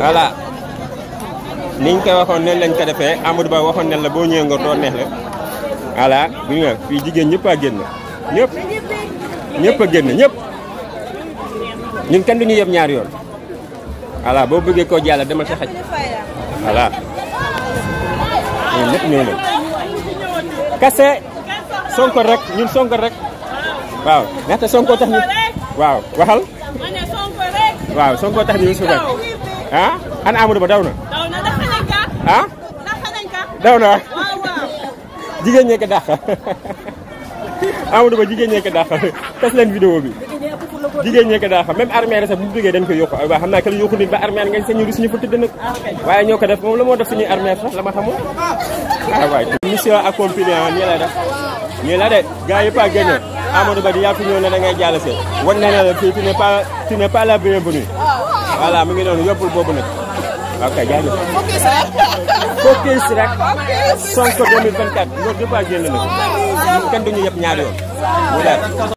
voilà niñ ko waxoon ne lañ ko defee Amadou Ba waxoon ne la boo ñëwee Ngor doo neex la fii jigéen ñéppa a génn ñëpp ñëpp a génn ñëpp kenn ñu yeb ñaari yoon boo bëggee koo jàll dama sa xaj voilà ñun ñëpp ñëw nañ kase Sonko rek ñun Sonko rek waaw ndaxte Sonko tax ñu waaw waxal waaw Sonko tax ñu su rek ah ana Amadou Ba daw na. daw na dàq nañ ka. ah. dàq nañ ka. daw na waaw waaw. jigéen ñee ko dàq Amadou Ba jigéen ñee ko dàq tas leen vidéo bi. jigéen ñee ko dàq même armée sax bu ñu duggee dañ koy yokku waaw naa que yokku nit ba armée nga sañu ruus ñu fa tëdd waaye ñoo ko def moom la moo def suñuy armée sax la ma xamul. waaw ah, waay. mission accomplie ah nii lay def nii la de gars yi Ba di yàlla fi ñëw ne da ngay jàll see wan na ne la fii tu n'es pas tu n'es pas la bienvenue voilà mu ngi noonu yóbbul boobu nag. ok jaajëf. focus rek. focus rek. Sonko 2024 loolu yëpp a génn nag. kenn duñu yëpp ñaari yoon. mu leer.